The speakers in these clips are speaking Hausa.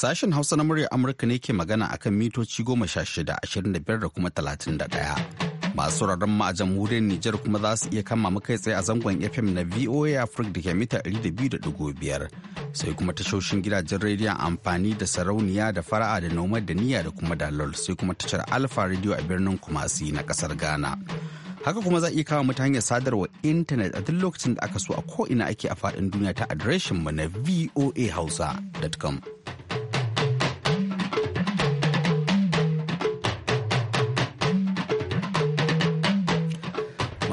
Sashen Hausa na murya Amurka ne ke magana akan mitoci goma sha shida, ashirin da biyar da kuma talatin da ɗaya. Masu rarren ma a jamhuriyar Nijar kuma za su iya kama mu kai tsaye a zangon FM na VOA Africa da ke mita ɗari da biyu Sai kuma tashoshin gidajen rediyon amfani da sarauniya da fara'a da noma da niyya da kuma dalol sai kuma tashar Alfa Radio a birnin Kumasi na ƙasar Ghana. haka kuma za a iya kama mu ta hanyar sadarwa intanet a duk lokacin da aka so a ko ina ake a faɗin duniya ta adireshin mu na voahausa.com.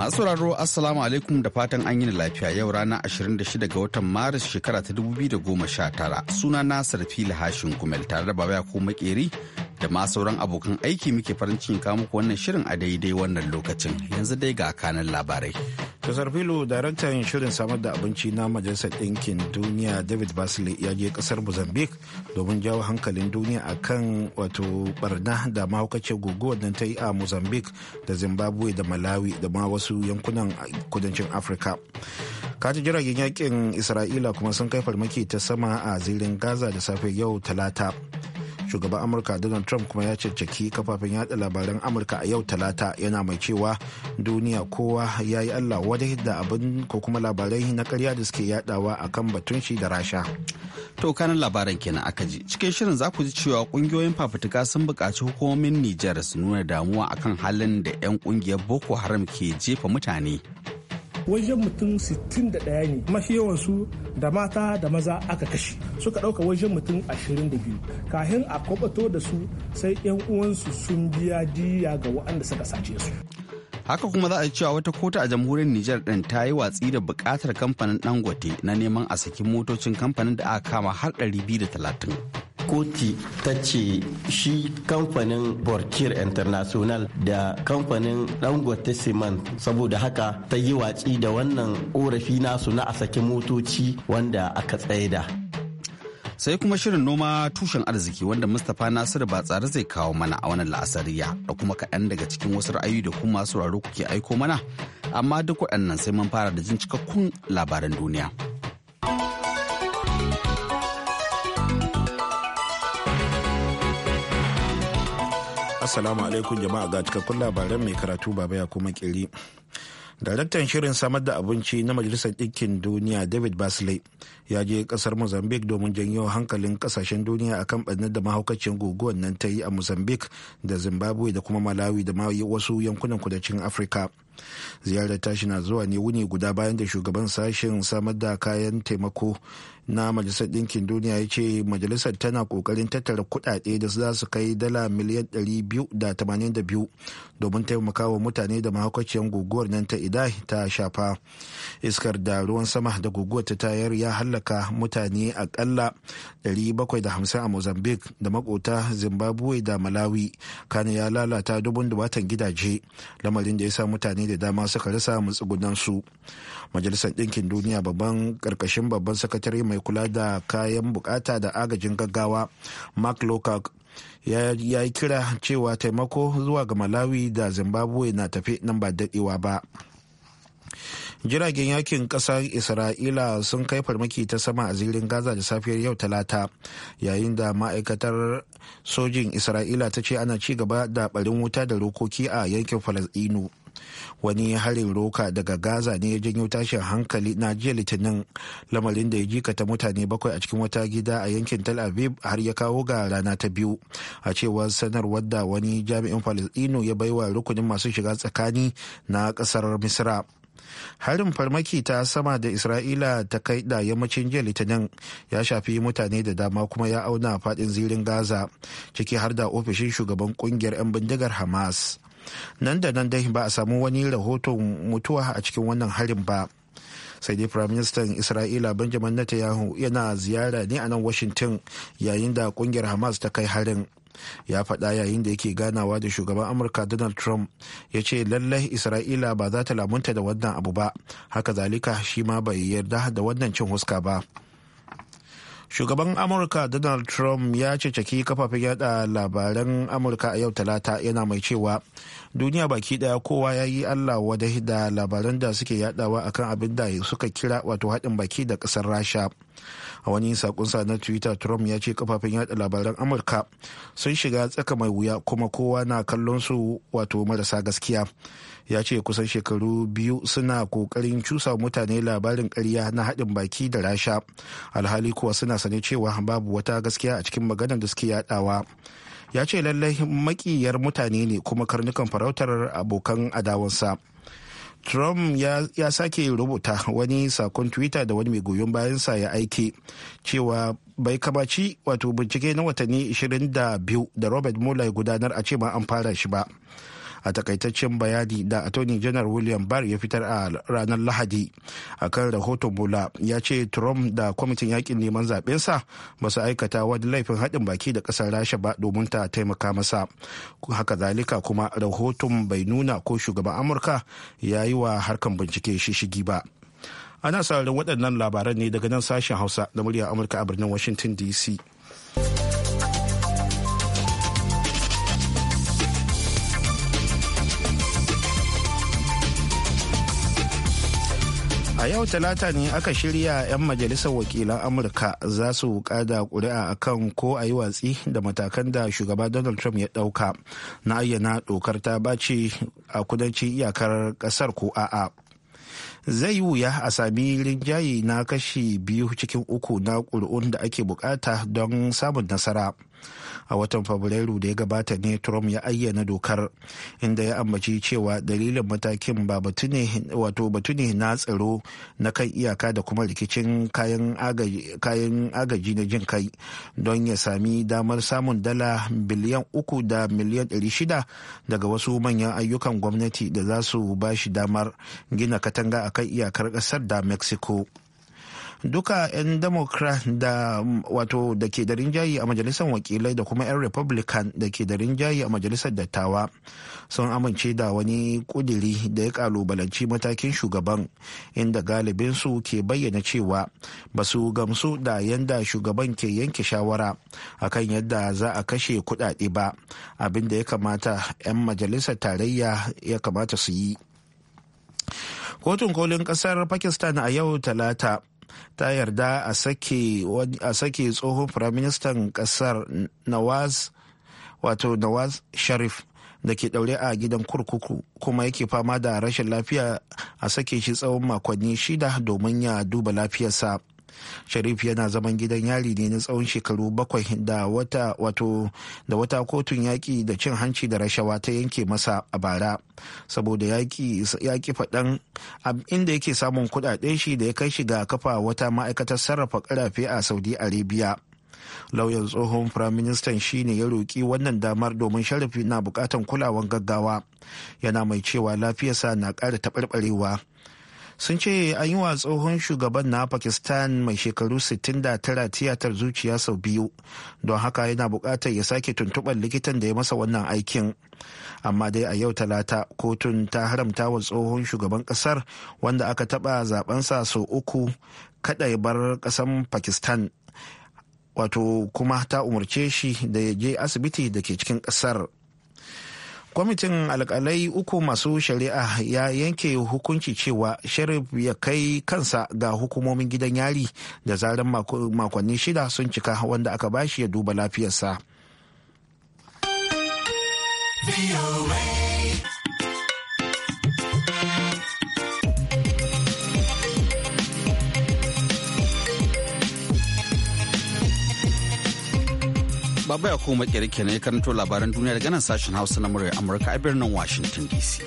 Masu sauraro Assalamu alaikum da fatan an yi lafiya yau rana 26 ga watan Maris shekara ta 2019 suna na fili Hashin Gumel tare da Baba ko Makeri da ma sauran abokan aiki muke farin cikin kawo muku wannan shirin a daidai wannan lokacin yanzu dai ga kanan labarai. Kasar Filo, daraktan shirin samar da abinci na Majalisar Ɗinkin Duniya David Basley ya je kasar Mozambique domin jawo hankalin duniya a kan wato barna da mahaukacin guguwar nan ta yi a Mozambique da Zimbabwe da Malawi da ma wasu yankunan kudancin Afirka. Kati jiragen yakin Isra'ila kuma sun kai farmaki ta sama a zirin Gaza da safe yau Talata. shugaban amurka donald trump kuma ya cancaki kafafen yada labaran amurka a yau talata yana mai cewa duniya kowa ya yi allah wadai da abin ko kuma labarai na karya da suke yadawa a kan batun shi da rasha to kanan labaran kenan aka ji cikin shirin za ku ji cewa kungiyoyin fafutuka sun buƙaci hukumomin nijar su nuna damuwa akan halin da 'yan kungiyar boko haram ke jefa mutane wajen mutum 61 ne mafi yawansu da mata da maza aka kashe suka ɗauka wajen mutum 22 kahin a kwabato da su sai 'yan uwansu sun biya diya ga waɗanda suka sace su haka kuma za a cewa wata kota a jamhuriyar Nijar ɗin ta yi watsi da bukatar kamfanin Dangote na neman a sakin motocin kamfanin da aka kama har 230. koti ta ce shi kamfanin borkir international da kamfanin dangote siman saboda haka ta yi watsi da wannan korafi nasu na a saki motoci wanda aka tsaye da. sai kuma shirin noma tushen arziki wanda mustapha nasiru ba tsare zai kawo mana a wannan la'asariya da kuma kaɗan daga cikin wasu ra'ayi da kuma sauraro kuke aiko mana amma duk waɗannan sai mun fara da jin cikakkun labaran duniya. Assalamu alaikum jama'a ga cikakkun labaran mai karatu baba ya kuma kiri. Daraktan shirin samar da abinci na Majalisar Ɗinkin Duniya David Basley ya je ƙasar Mozambique domin janyo hankalin ƙasashen duniya akan bannar da mahaukacin guguwar nan ta yi a Mozambique da Zimbabwe da kuma Malawi da ma wasu yankunan kudancin Afirka. ziyarar tashi na zuwa ne wuni guda bayan da shugaban sashen samar da kayan taimako na majalisar ɗinkin duniya ya ce majalisar tana ƙoƙarin tattara kuɗaɗe da za su kai dala miliyan 282 domin taimaka wa mutane da mahaukaciyar guguwar nan ta idai ta shafa iskar da ruwan sama da guguwar ta tayar ya hallaka mutane akalla 750 a mozambique da makota zimbabwe da malawi kana ya lalata dubun dubatan gidaje lamarin da ya sa mutane mutane da dama suka rasa su majalisar ɗinkin duniya babban ƙarƙashin babban sakatare mai kula da kayan bukata da agajin gaggawa mark lokak ya yi kira cewa taimako zuwa ga malawi da zimbabwe na tafi nan ba daɗewa ba jiragen yakin ƙasar isra'ila sun kai farmaki ta sama a zirin gaza da safiyar yau talata yayin da ma'aikatar sojin isra'ila ta ce ana ci gaba da barin wuta da rokoki a yankin falasɗinu wani harin roka daga gaza ne ya janyo tashin hankali na jiya litinin lamarin da ya jikata mutane bakwai a cikin wata gida a yankin tel aviv har ya kawo ga rana ta biyu a cewar sanarwar da wani jami'in palestino ya baiwa rukunin masu shiga tsakani na kasar misra harin farmaki ta sama da isra'ila ta kai da yammacin jiya litinin ya shafi mutane da dama kuma ya auna fadin zirin gaza ciki har da ofishin shugaban kungiyar 'yan bindigar hamas nan da nan dai ba a samu wani rahoton mutuwa a cikin wannan harin ba sai dai firaministan isra'ila benjamin netanyahu yana ziyara ne a nan washington yayin da kungiyar hamas ta kai harin ya faɗa yayin da yake ganawa da shugaban amurka donald trump ya ce lallai isra'ila ba za ta lamunta da wannan abu ba haka zalika shi ma bai yarda da wannan cin huska ba shugaban amurka donald trump ya cecaki kafafen yada labaran amurka a yau talata yana mai cewa duniya baki daya kowa ya yi allah wada da labaran da suke yadawa akan abin da suka kira wato haɗin baki da ƙasar rasha a wani sa na twitter trump ya ce kafafen yada labaran amurka sun shiga tsaka mai wuya kuma kowa na kallon su wato marasa gaskiya ya ce kusan shekaru biyu suna kokarin cusa mutane labarin karya na haɗin baki da rasha alhali kuwa suna sane cewa babu wata gaskiya a cikin maganar da suke yadawa ya ce lallai makiyar mutane ne kuma karnukan farautar abokan adawansa trump ya, ya sake rubuta wani sakon twitter da wani mai goyon bayansa ya aike cewa bai kamaci wato bincike na watanni 22 da robert mueller gudanar a ce ma an fara shi ba a takaitaccen bayani da attorney general william barr ya fitar a ranar lahadi kan rahoton bula ya ce trump da kwamitin yakin neman zaɓensa ba su aikata wani laifin haɗin baki da ƙasar rasha ba domin ta taimaka masa haka zalika kuma rahoton bai nuna ko shugaban amurka ya yi wa harkan bincike shishigi ba ana sauraron waɗannan labaran ne daga nan sashen hausa da murya amurka a birnin washington dc a yau talata ne aka shirya 'yan majalisar wakilan amurka za su kada kuri'a kan ko a yi watsi da matakan da shugaba donald trump ya dauka na ayyana dokar ta bace a kudancin iyakar kasar ko a'a zai yi wuya a sami rinjaye na kashi biyu cikin uku na ƙuri'un da ake bukata don samun nasara a watan fabrairu da ya gabata ne trump ya ayyana dokar inda ya ambaci cewa dalilin matakin ba batu ne na tsaro na kan iyaka da kuma rikicin kayan agaji na jin kai don ya sami damar samun dala biliyan uku da miliyan ɗari shida daga wasu manyan ayyukan gwamnati da za su ba shi damar gina katanga a kan iyakar ƙasar da mexico duka 'yan democrat da mm, wato da ke da rinjaye a majalisar wakilai da kuma 'yan republican da ke da rinjaye a majalisar dattawa sun amince da wani kudiri da ya kalubalanci matakin shugaban inda galibinsu ke bayyana cewa ba su gamsu da yadda shugaban ke yanke shawara akan yadda za a kashe kudade ba abin da ya kamata 'yan majalisar tarayya ya kamata su yi kotun kolin kasar pakistan a yau talata ta yarda a sake tsohon firaministan kasar nawaz wato nawaz sharif da ke daure a gidan kurkuku kuma yake fama da rashin lafiya a sake shi tsawon makonni shida domin ya duba lafiyarsa sharif yana zaman gidan yari ne na tsawon shekaru bakwai da wata wato da wata kotun yaƙi da cin hanci da rashawa ta yanke masa a bara saboda yaƙi faɗan inda yake samun kuɗaɗen shi da ya kai shi ga kafa wata ma'aikatar sarrafa ƙarafe a saudi arabia lauyan tsohon firaministan shi ne ya roƙi wannan damar domin sharafi na buƙatan kulawan gaggawa yana mai cewa lafiyarsa na ƙara taɓarɓarewa sun ce an yi wa tsohon shugaban na pakistan mai shekaru 69 tiyatar zuciya sau biyu don haka yana buƙatar ya sake tuntuɓar likitan da ya masa wannan aikin amma dai a yau talata kotun ta haramta wa tsohon shugaban ƙasar wanda aka taɓa zabensa sau uku kada ya bar ƙasan pakistan wato kuma ta umarce shi da ya je asibiti da ke cikin ƙasar. kwamitin alkalai uku masu shari'a ya yanke hukunci cewa sharif ya kai kansa ga hukumomin gidan yari da zarar makonni shida sun cika wanda aka bashi ya duba lafiyarsa. Baba ya kuma makere kenan ya karanto labaran duniya daga nan sashen Hausa na murya Amurka a birnin Washington DC.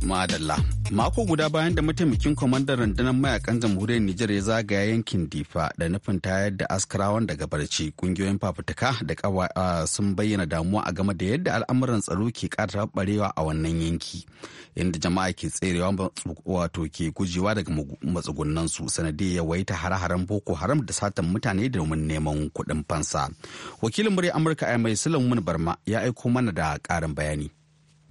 Madalla. Mako guda bayan da mataimakin kwamandan rundunar mayakan jamhuriyar Nijar ya zagaya yankin Difa da nufin tayar da askarawan daga barci kungiyoyin fafutuka da kawa sun bayyana damuwa a game da yadda al'amuran tsaro ke ƙara barewa a wannan yanki inda jama'a ke tserewa wato ke gujewa daga matsugunan su sanadiyar yawaita hare-haren Boko Haram da satan mutane domin neman kuɗin fansa. Wakilin murya Amurka a mai Sulaiman Barma ya aiko mana da ƙarin bayani.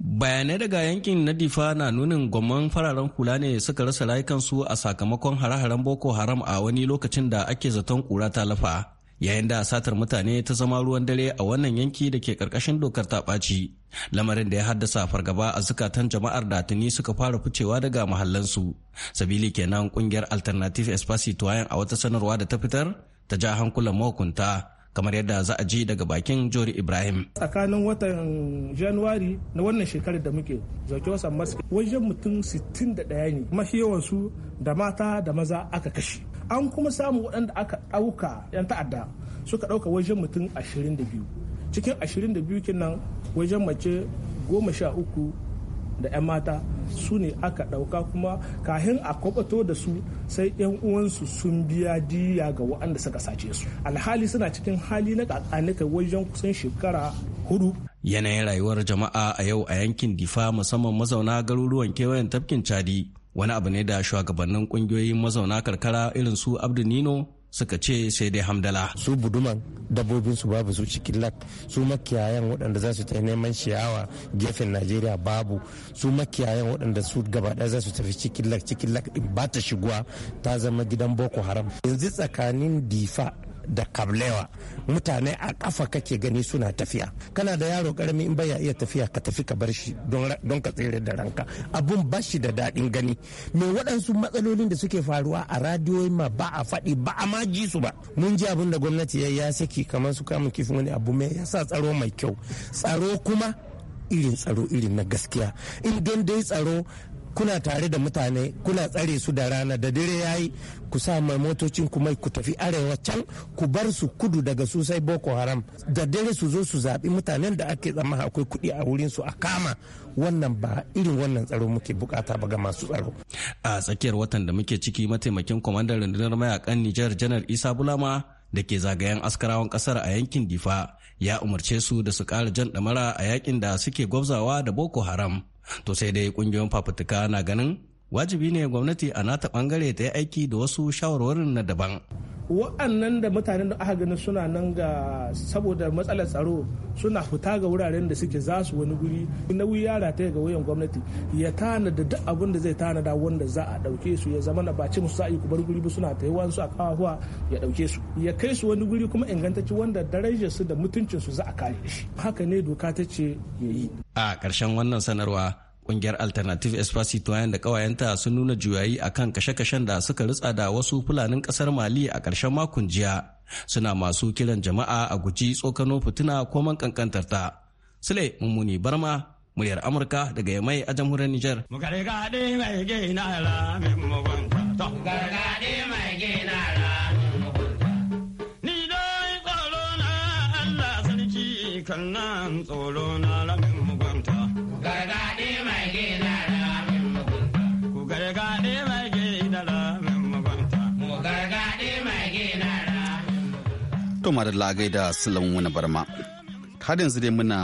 bayanai daga yankin na difa na nunin gwamman fararen hula ne suka rasa rayukansu a sakamakon hare-haren boko haram a wani lokacin da ake zaton kura ta lafa yayin da satar mutane ta zama ruwan dare a wannan yanki da ke karkashin dokar ta ɓaci lamarin da ya haddasa fargaba a zukatan jama'ar da tuni suka fara ficewa daga mahallansu sabili kenan kungiyar alternative espacitoyen a wata sanarwa da ta fitar ta ja hankulan mahukunta kamar yadda za a ji daga bakin jori ibrahim tsakanin watan januwari na wannan shekarar da muke zaki wasan masu wajen mutum 61 ne mafi yawansu da mata da maza aka kashe an kuma samu waɗanda aka ɗauka 'yan ta'adda suka ɗauka wajen mutum 22 cikin 22 kinan wajen mace 13 da 'yan mata su ne aka ɗauka kuma kahin a kwabato da su sai 'yan uwansu sun biya diya ga waɗanda suka sace su alhali suna cikin hali na kakanika wajen kusan shekara hudu yanayin rayuwar jama'a a yau a yankin difa musamman mazauna garuruwan kewayen tafkin chadi wani abu ne da shugabannin kungiyoyin mazauna karkara irin su abdu nino suka ce sai dai hamdala su buduman dabbobin su babu su cikin lak su makiyayan waɗanda za su tafi neman ciyawa gefen najeriya babu su makiyayan waɗanda su gaba za su tafi cikin lak cikin lak ɗin ba ta shigowa ta zama gidan boko haram yanzu tsakanin difa da kablewa mutane a kafa kake gani suna tafiya kana da yaro karami in baya iya tafiya ka tafi ka bar shi don ka tsere da ranka abun bashi da daɗin gani me waɗansu matsalolin da suke faruwa a radiyoyi ma ba a faɗi ba a ma su ba mun ji abin da gwamnati ya ya saki kamar su kamun kifin wani abu mai sa tsaro mai kyau tsaro kuma irin tsaro irin na gaskiya in don dai tsaro kuna tare da mutane kuna tsare su da rana da dare yi ku sa mai motocin ku mai ku tafi arewa can ku bar su kudu daga su sai boko haram da dare su zo su zaɓi mutanen da ake zama akwai kuɗi a wurin su a kama wannan ba irin wannan tsaro muke bukata ba ga masu tsaro a tsakiyar watan da muke ciki mataimakin kwamandan rundunar mayakan Nijar janar Isa Bulama da ke zagayen askarawan kasar a yankin Difa ya umarce su da su kara jan ɗamara a yakin da suke gwabzawa da Boko Haram to sai dai kungiyoyin fafutuka na ganin wajibi ne gwamnati a nata bangare ta yi aiki da wasu shawarwarin na daban wa'annan da mutanen da aka gani suna nan ga saboda matsalar tsaro suna fita ga wuraren da suke za su wani guri wuya yara ta ga wuyan gwamnati ya tanada duk abin da zai tanada wanda za a dauke su ya zama na baci musu sa'i kubar guri suna ta yi wansu a kawahuwa ya dauke su ya kai su wani guri kuma ingantacci wanda darajar su da mutuncin su za a kare shi haka ne doka ta ce ya yi a karshen wannan sanarwa Kungiyar Alternative Espace Citoyen da kawayenta sun nuna juyayi akan kashe-kashen da suka rutsa da wasu fulanin kasar Mali a ƙarshen makon jiya. Suna masu kiran jama'a a guji tsokano fituna ko man kankantar ta. Sule Mummuni Barma, muryar Amurka daga Yamai a jamhuriyar Nijar. Ni don tsoro Allah sarki kan nan To madalla gaida Sulan wani barma. har yanzu dai muna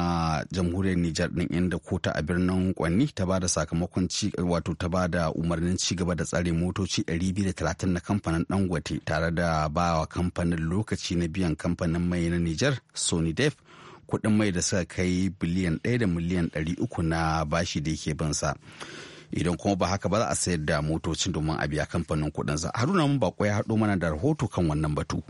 jamhuriyar Nijar ɗin inda kota a birnin Kwanni ta ba da sakamakon ci wato ta ba da umarnin ci gaba da tsare motoci 230 na kamfanin Dangote tare da ba wa kamfanin lokaci na biyan kamfanin mai na Nijar Sony Def kuɗin mai da suka kai biliyan 1 da miliyan 300 na bashi da yake bin sa. Idan kuma ba haka ba za a sayar da motocin domin a biya kamfanin sa Haruna mun bako ya haɗo mana da rahoto kan wannan batu.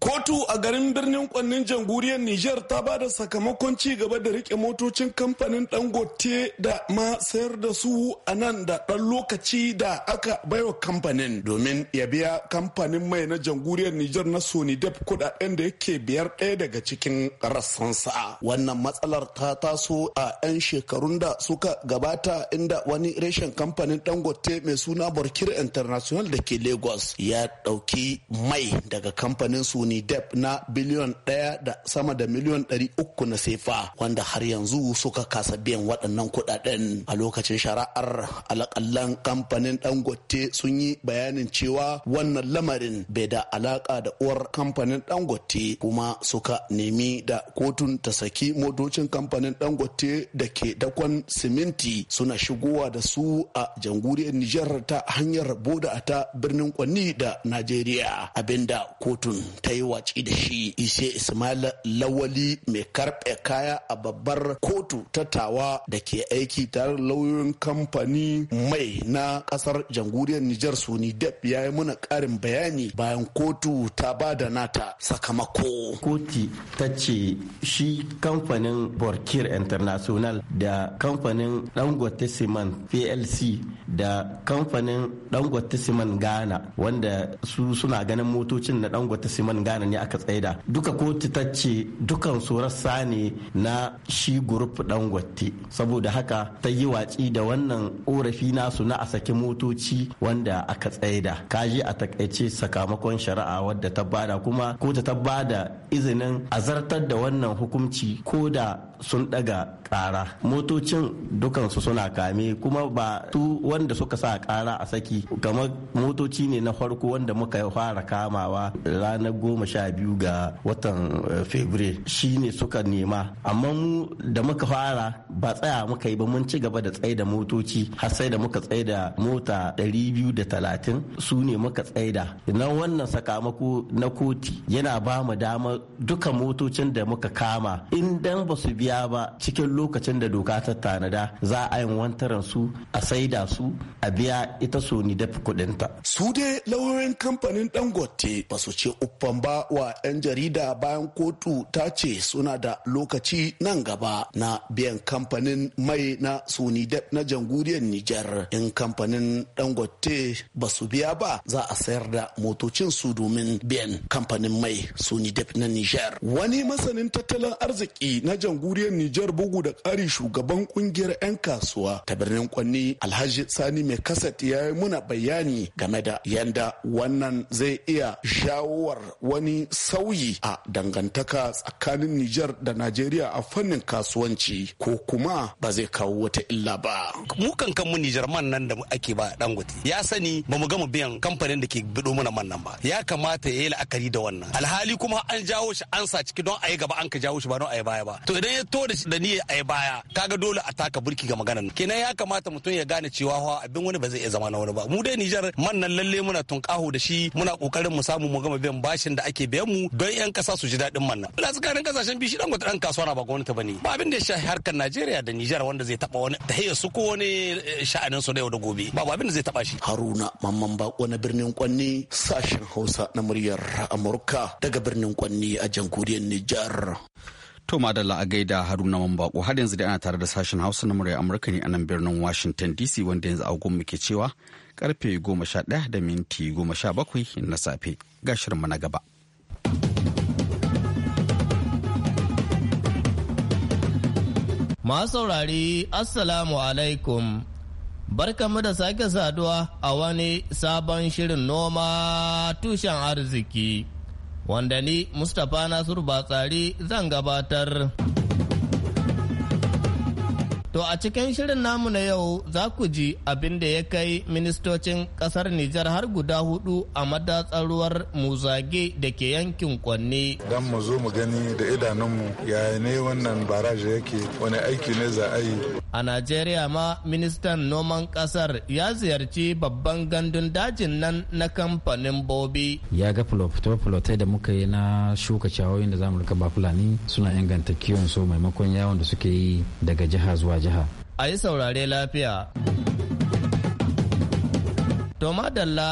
Kotu a garin birnin kwannin janguriyar niger ta ba da sakamakon ci gaba da rike motocin kamfanin Dangote da ma sayar da su a nan da ɗan lokaci da aka baiwa kamfanin domin ya biya kamfanin mai na janguriyar niger na Sonidep kudaden da yake biyar ɗaya daga cikin rassansa. Wannan matsalar ta taso a 'yan shekarun da suka gabata inda wani reshen kamfanin Dangote mai suna barkir International da ke Lagos ya ɗauki mai daga kamfanin su unidep na biliyon ɗaya da sama da miliyon ɗari uku na sefa wanda har yanzu suka kasa biyan waɗannan kuɗaɗen a lokacin shari'ar alaƙallan kamfanin dangote sun yi bayanin cewa wannan lamarin bai da alaƙa da uwar kamfanin dangote kuma suka nemi da kotun ta saki motocin kamfanin dangote da ke dakon siminti suna shigowa da su a jamhuriyar nijar ta hanyar boda ta birnin kwanni da najeriya abinda kotun ta yi watsi da shi ise ismail lawali mai karɓe kaya a babbar kotu ta tawa da ke aiki tare da lauyoyin kamfani mai na kasar jamhuriyar nijar suni dep ya yi muna karin bayani bayan kotu ta ba da nata sakamako koti ta ce shi kamfanin borkir international da kamfanin dangote siman plc da kamfanin dangote siman ghana wanda su suna ganin motocin na dangote siman gane ne aka tsaida duka kotu ta ce dukan surarsa ne na shi gurup dangote saboda haka ta yi watsi da wannan korafi nasu na a saki motoci wanda aka tsaida kaji a takaice sakamakon shari'a wadda ta bada kuma kotu ta bada izinin azartar da wannan hukunci ko da sun daga kara motocin dukansu suna kame kuma ba su wanda suka sa kara a saki kamar motoci ne na farko wanda muka fara kamawa ranar goma sha biyu ga watan eh, fevre shi ne suka nema amma mu da muka fara ba tsaya muka yi ba mun ci gaba da tsaye da motoci har sai da muka tsaye da mota 230 su ne muka tsaye da na wannan sakamako na koti yana ba mu dama duka motocin da muka kama in ba su biya ba cikin lokacin da doka ta tanada za a yi wantaran su a saida su a biya ita so ni dafi kudinta. su dai lauyoyin kamfanin dangote ba su ce uffan ba wa 'yan jarida bayan kotu ta ce suna da lokaci nan gaba na biyan kamfanin mai na suni na jamhuriyar nijar in kamfanin dangote ba su biya ba za a sayar da motocin su domin biyan kamfanin mai suni na na Nijar. Wani masanin tattalin arziki na jamhuriyar Nijar bugu da ƙari shugaban kungiyar 'yan kasuwa ta birnin Kwanni Alhaji Sani mai kasat ya yi muna bayani game da yanda wannan zai iya shawowar wani sauyi a dangantaka tsakanin Nijar da Najeriya a fannin kasuwanci ko kuma ba zai kawo wata illa ba. Mu kankan mu Nijar man nan da ake ba Dangote ya sani ba mu gama biyan kamfanin da ke bido mana man nan ba. Ya kamata ya yi la'akari da wannan. Alhali kuma an ja jawo shi an sa ciki don a yi gaba an ka jawo shi ba don a yi baya ba to idan ya to da ni a yi baya ka ga dole a taka burki ga na. kenan ya kamata mutum ya gane cewa hawa abin wani ba zai iya zama na wani ba mu dai Nijar man nan lalle muna tunkaho da shi muna kokarin mu samu mu gama biyan bashin da ake biyan mu don yan kasa su ji daɗin man nan ila tsakanin kasashen shi dan gwata kasuwa na ba gwamnati bane ba abin da ya shafi harkar Najeriya da Nijar wanda zai taba wani tahiyya su ko wani eh, sha'anin su da yau da gobe ba abin da zai taba shi Haruna Mamman Bako na birnin Kwanni sashen Hausa na muryar Amurka daga birnin Kwanni ne a jamhuriyar Nijar. To Madalla a gaida Haruna Mambako har yanzu da ana tare da sashen Hausa na murya Amurka ne a nan birnin Washington DC wanda yanzu agon muke cewa karfe 11 da minti 17 na safe ga shirinmu na gaba. Masu saurari Assalamu alaikum Barkamu da sake saduwa a wani sabon shirin noma tushen arziki. wanda ni Mustapha Nasiru Batsari zan gabatar. To a cikin shirin namu na yau za ku ji abin da ya kai ministocin kasar Nijar har guda hudu a madatsar ruwar Muzage da ke yankin Kwanne. Don mu zo mu gani da idanunmu yaya ne wannan baraje yake wani aiki ne za a yi. A Najeriya ma ministan noman kasar ya ziyarci babban gandun dajin nan na kamfanin Bobi. Ya ga fulotai da muka yi na shuka ciyawoyin da zamu rika ba Fulani suna inganta kiwon su maimakon yawon da suke yi daga jiha zuwa jiha. A yi saurare lafiya. To madalla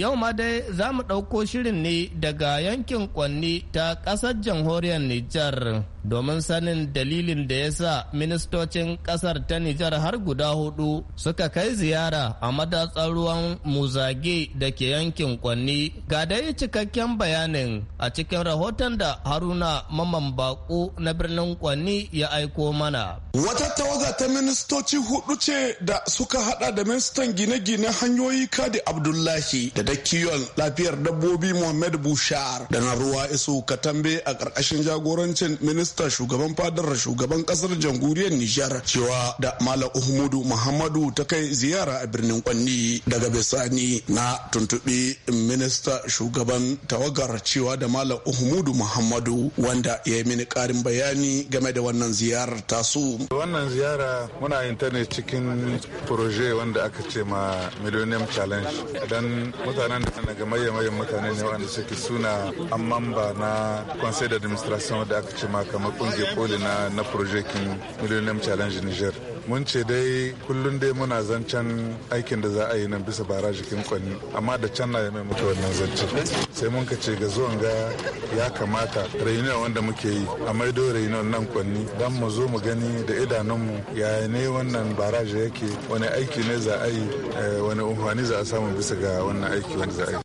yau ma dai za mu ɗauko shirin ne daga yankin kwanni ta ƙasar jamhuriyar Nijar. domin sanin dalilin da ya sa ministocin kasar ta Nijar har guda hudu suka kai ziyara a matatsar ruwan Muzage da ke yankin Kwanni. Ga dai cikakken bayanin a cikin rahoton da Haruna Maman Baku na birnin Kwanni ya aiko mana. Wata tawaga ta ministoci hudu ce da suka hada da ministan gine-gine hanyoyi Kadi Abdullahi da da lafiyar dabbobi Muhammad Bushar da na ruwa isu Katambe a ƙarƙashin jagorancin ministan minista shugaban fadar shugaban kasar jamhuriyar nijar cewa da malam uhmudu muhammadu ta kai ziyara a birnin kwanni daga bisani na tuntubi minista shugaban tawagar cewa da malam uhmudu muhammadu wanda ya yi mini karin bayani game da wannan ziyarar tasu wannan ziyara muna yin cikin proje wanda aka ce ma millennium challenge don mutanen da na ga mayan mutane ne wanda suke suna amman ba na conseil d'administration da aka ce ma kamar na kungiyar koli na na projekin millennium challenge niger mun ce dai kullum dai muna zancen aikin da za a yi nan bisa jikin kwanni amma da can na mai mutu wannan zancen sai mun ka ce ga zuwan ga ya kamata rainiya wanda muke yi a maido rainiyon nan kwanni don mu zo mu gani da idanunmu ya ne wannan baraji yake wani aiki ne za a yi eh, wani umfani za a samu bisa ga wannan aiki wanda za a yi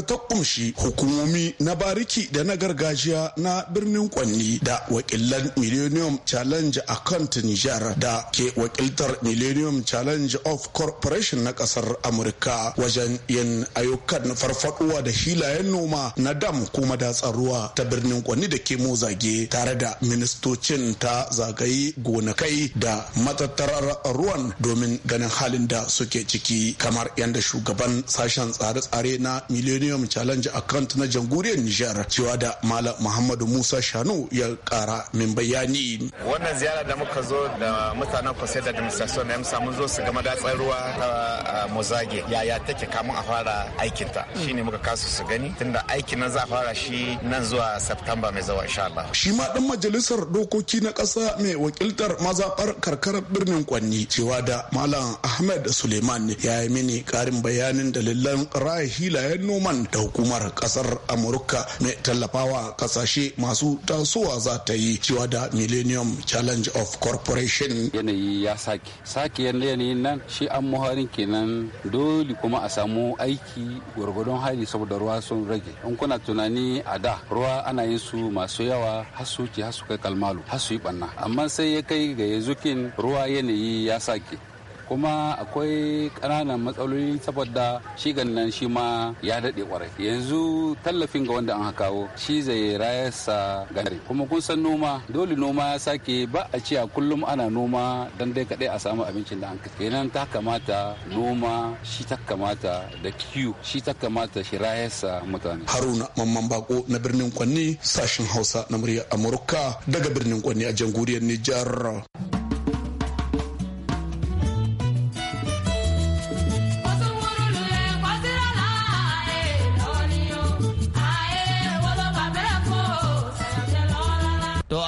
wadda ta kumshi hukumomi na bariki da na gargajiya na birnin kwanni da wakilan millennium challenge account nijar da ke wakiltar millennium challenge of corporation na kasar amurka wajen yin ayyukan farfaduwa da hilayen noma na dam kuma da ruwa ta birnin kwanni da ke zage tare da ministocin ta zagaye gonakai da matattarar ruwan domin ganin halin da suke ciki kamar yadda shugaban sashen tsare-tsare na millennium millennium challenge account na jamhuriyar nijar cewa da malam muhammadu musa shanu ya kara min bayani wannan ziyara da muka zo da mutanen kwasai da administration na yamsa mun zo su ga madatsar ruwa ta mozage yaya take kamun a fara aikin aikinta shine muka kasu su gani tunda aikin nan za a fara shi nan zuwa september mai zawa insha Allah shi ma dan majalisar dokoki na kasa mai wakiltar mazafar karkarar birnin kwanni cewa da malam ahmed suleiman ya yi mini karin bayanin dalilan raya hilayen noma musamman da hukumar kasar amurka mai tallafawa kasashe masu tasowa za ta yi cewa da millennium challenge of corporation yanayi ya sake sake yanayin nan shi an muharin kenan dole kuma a samu aiki gwargwadon hali saboda ruwa sun rage in kuna tunani a da ruwa ana yin su masu yawa har su kai kalmalu har su yi banna amma sai ya kai ga yanzu ruwa yanayi ya sake kuma akwai ƙananan matsaloli saboda shi nan shi ma ya daɗe kwarai yanzu tallafin ga wanda an kawo shi zai rayarsa gari kuma kun san noma dole noma ya sake ba a ciya kullum ana noma don dai kaɗai a samu abincin da an kai. kenan ta kamata noma shi ta kamata da kiyu shi ta kamata shi rayarsa mutane haruna mamman bako na birnin kwanni sashin hausa na murya amurka daga birnin kwanni a jamhuriyar nijar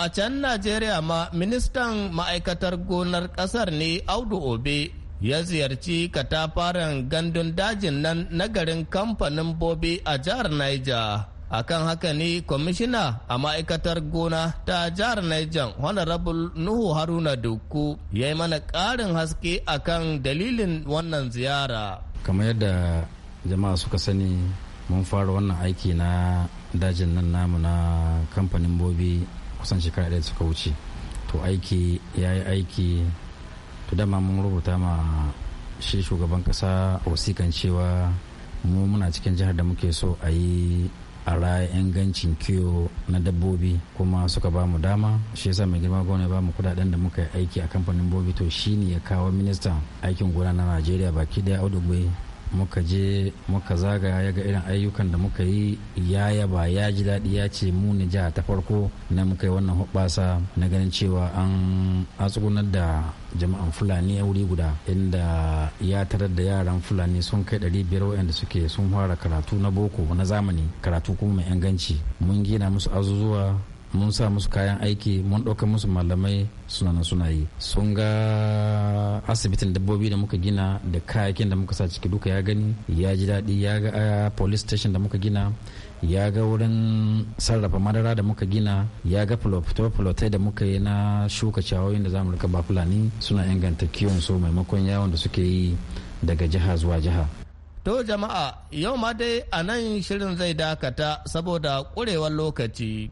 a can Najeriya ma ministan ma'aikatar gonar kasar ne Audu Obe ya ziyarci katafaren gandun dajin nan na garin kamfanin Bobe a jihar Niger. akan haka ne kwamishina a ma'aikatar gona ta jihar Niger honorable nuhu haruna duku ya yi mana ƙarin haske akan dalilin wannan ziyara kamar yadda jama'a suka sani mun fara wannan aiki na dajin nan namu na kamfanin bobi kusan shekara ɗaya suka wuce to aiki ya yi aiki to dama mun rubuta ma shi shugaban kasa wasikan cewa mu muna cikin jihar da muke so a yi a raya ingancin kiwo na dabbobi kuma suka ba mu dama shi yasa mai girma gwamnati ba mu kudaden da muka yi aiki a kamfanin bobi to shine ya kawo ministan aikin gona na najeriya baki daya audugbe muka je muka zagaya ya ga irin ayyukan da muka yi ya yaba ya ji daɗi ya ce mu ne jiha ta farko na muka yi wannan hoɓɓasa na ganin cewa an atsugunar da jama'an fulani a wuri guda inda ya tarar da yaran fulani sun kai ɗari biyar waɗanda suke sun fara karatu na boko na zamani karatu kuma mai inganci mun gina musu azuzuwa mun sa musu kayan aiki mun ɗauka musu malamai suna nan suna yi sun ga asibitin dabbobi da muka gina da kayakin da muka sa ciki duka ya gani ya ji daɗi ya ga ah, police station da muka gina ya ga wurin sarrafa madara da muka gina ya ga fulotai da muka yi na shuka ciyawoyin da zamu rika ba fulani suna inganta kiwon su maimakon yawon da suke yi daga jiha zuwa jiha To jama'a yau ma dai a nan shirin zai dakata saboda ƙurewar lokaci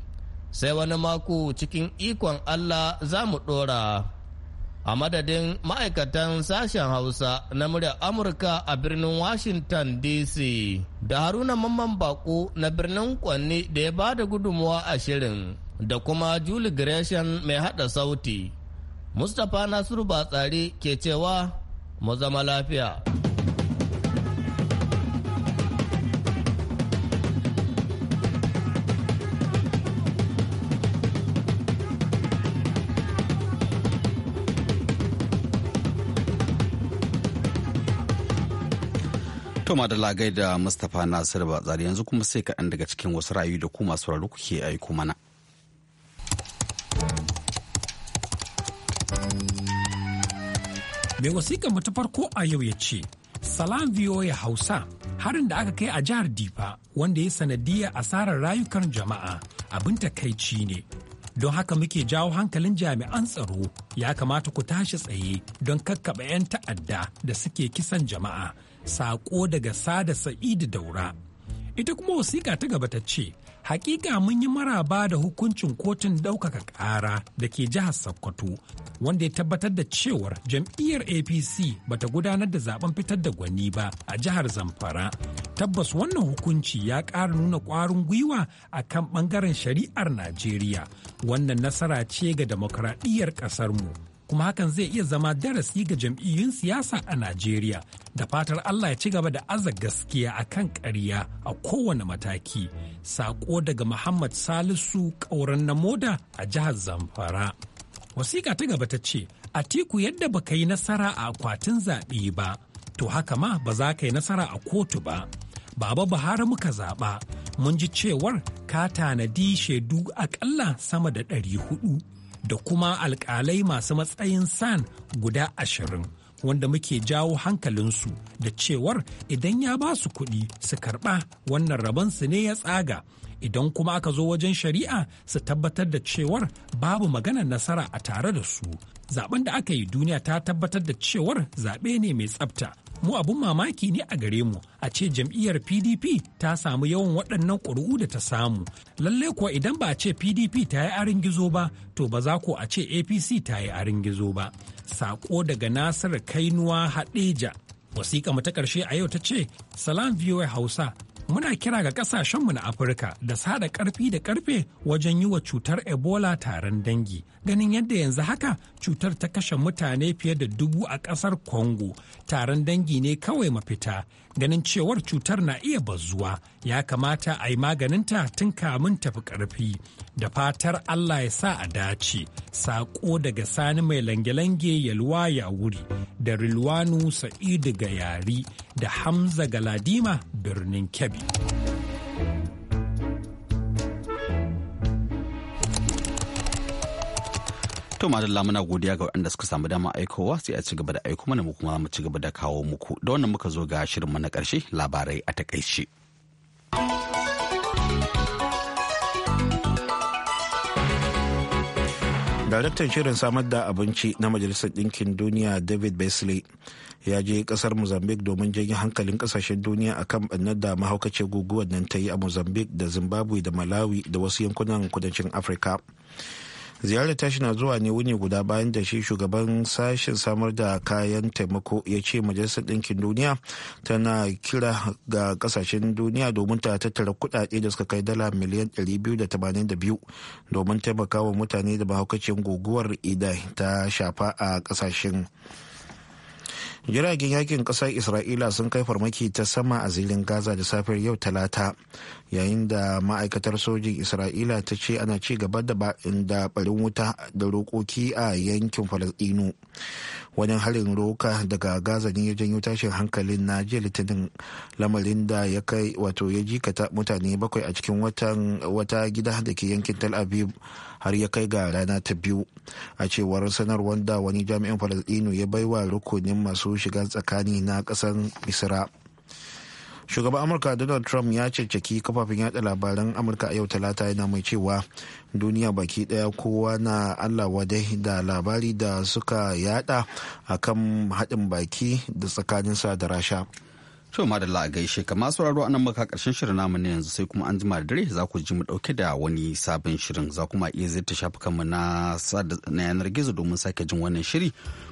sai wani mako cikin ikon Allah za mu ɗora. A madadin ma'aikatan sashen Hausa na muryar Amurka a birnin Washington DC da Haruna Mamman Bako na birnin Kwanne da ya ba da gudunmuwa a shirin da kuma Julie Gresham mai haɗa sauti. Mustapha Nasiru Batsari ke cewa mu zama lafiya. To madalla gaida Mustapha Nasir Batsari yanzu kuma sai kaɗan daga cikin wasu rayu da ku masu raro kuke aiko mana. Mai wasiƙa mata farko a yau ya ce, Salam ya Hausa, harin da aka kai a jihar Difa wanda ya sanadiyya asarar rayukan jama'a abin takaici ne. Don haka muke jawo hankalin jami'an tsaro ya kamata ku tashi tsaye don kakkaɓa 'yan ta'adda da suke kisan jama'a. saƙo daga sada sa'idu daura ita kuma wasiƙa ta gaba ta ce hakika mun yi maraba da hukuncin kotun ɗaukaka ƙara da ke jihar sokoto wanda ya tabbatar da cewar jam'iyyar apc bata gudanar da zaben fitar da gwani ba a jihar zamfara tabbas wannan hukunci ya ƙara nuna ƙwarin gwiwa a kan ɓangaren shari'ar najeriya wannan nasara ce ga demokradiyyar ƙasarmu kuma hakan zai iya zama darasi ga jam'iyyun siyasa a Najeriya da fatar Allah ya ci gaba da aza gaskiya a kan ƙarya a kowane mataki. Saƙo daga Muhammad Salisu ƙauren na moda a jihar Zamfara. Wasiƙa ta gaba ta ce, a tiku yadda ba ka yi nasara a akwatin zaɓe ba, to haka ma ba za ka yi nasara a kotu ba. Baba Buhari muka zaɓa, mun ji cewar ka tanadi shaidu aƙalla sama da ɗari hudu. da kuma alkalai masu matsayin san guda ashirin wanda muke jawo hankalinsu da cewar idan ya ba su kuɗi su karɓa wannan rabon su ne ya tsaga idan kuma aka zo wajen shari'a su tabbatar da cewar babu maganar nasara a tare da su zaben da aka yi duniya ta tabbatar da cewar zaɓe ne mai tsabta mu abun mamaki ne a gare mu a ce jam'iyyar pdp ta samu yawan waɗannan ƙuri'u da ta samu lalle kuwa idan ba a ce pdp ta yi arin gizo ba to ba za ku a ce apc ta yi arin gizo ba saƙo daga nasir kainuwa haɗeja wasiƙa mu ta ƙarshe a yau ta ce salam voa hausa muna kira ga ƙasashenmu na afirka da sada ƙarfi da ƙarfe wajen yi wa cutar ebola taron dangi ganin yadda yanzu haka cutar ta kashe mutane fiye da dubu a kasar congo taron dangi ne kawai mafita ganin cewar cutar na iya bazuwa ya kamata a yi maganinta tun kamun tafi karfi da fatar allah ya sa a dace saƙo daga sani mai lange-lange yalwa ya wuri da rilwanu sa'idu ga yari da hamza galadima birnin kebbi To madalla muna godiya ga waɗanda suka samu dama aikowa sai a ci gaba da aiko mana mu kuma mu ci gaba da kawo muku. Da wannan muka zo ga shirinmu na karshe labarai a takaice. Daraktan shirin samar da abinci na Majalisar Ɗinkin Duniya David Beasley ya je ƙasar Mozambique domin janyo hankalin ƙasashen duniya a kan ɓannar da mahaukacin guguwar nan ta yi a Mozambique da Zimbabwe da Malawi da wasu yankunan kudancin Afirka. ziyarar tashi na zuwa ne wuni guda bayan da shi shugaban sashen samar da kayan taimako ya ce majalisar ɗinkin duniya tana kira ga ƙasashen duniya domin ta tattara kuɗaɗe da suka kai dala miliyan 282 domin taimakawa mutane da mahaukacin guguwar idai ta shafa a kasashen. jiragen yakin kasar isra'ila sun kai farmaki ta sama a zilin gaza da safiyar yau talata yayin da ma'aikatar sojin isra'ila ta ce ana ci gaba da barin wuta da rokoki a yankin falasɗinu wani harin roka daga gaza ne ya janyo tashin hankalin na jiya litinin lamarin da ya kai wato ya jikata mutane bakwai a cikin wata gida da ke yankin tel aviv har ya kai ga rana ta biyu a cewar sanarwar da wani jami'in falasdino ya baiwa rukunin masu shiga tsakani na kasar misra shugaban amurka donald trump ya caccaki kafafen yada labaran amurka a yau talata yana mai cewa duniya baki daya kowa na allah wadai da labari da suka yada akan haɗin baki da tsakanin sa da rasha To da a gaishe kama sauraro anan maka karshen shirin namu ne yanzu sai kuma an jima da dare za ku ji mu dauke da wani sabon shirin za kuma iya ta shafukan mu na yanar gizo domin sake jin wannan shiri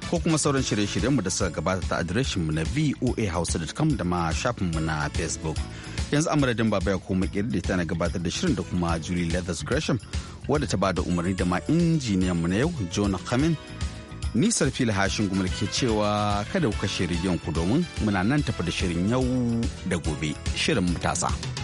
ko kuma sauran shirye-shiryen mu da suka gabata ta adireshin mu na voahouse.com da ma shafin mu na facebook yanzu amuradin baba ya koma kirdi tana gabatar da shirin da kuma julie leathers gresham wadda ta bada umarni da ma injiniyan mu na yau jonah hammond Nisar fil hashin gumar ke cewa kada ku kashe ku domin muna nan tafi da shirin yau da gobe shirin matasa.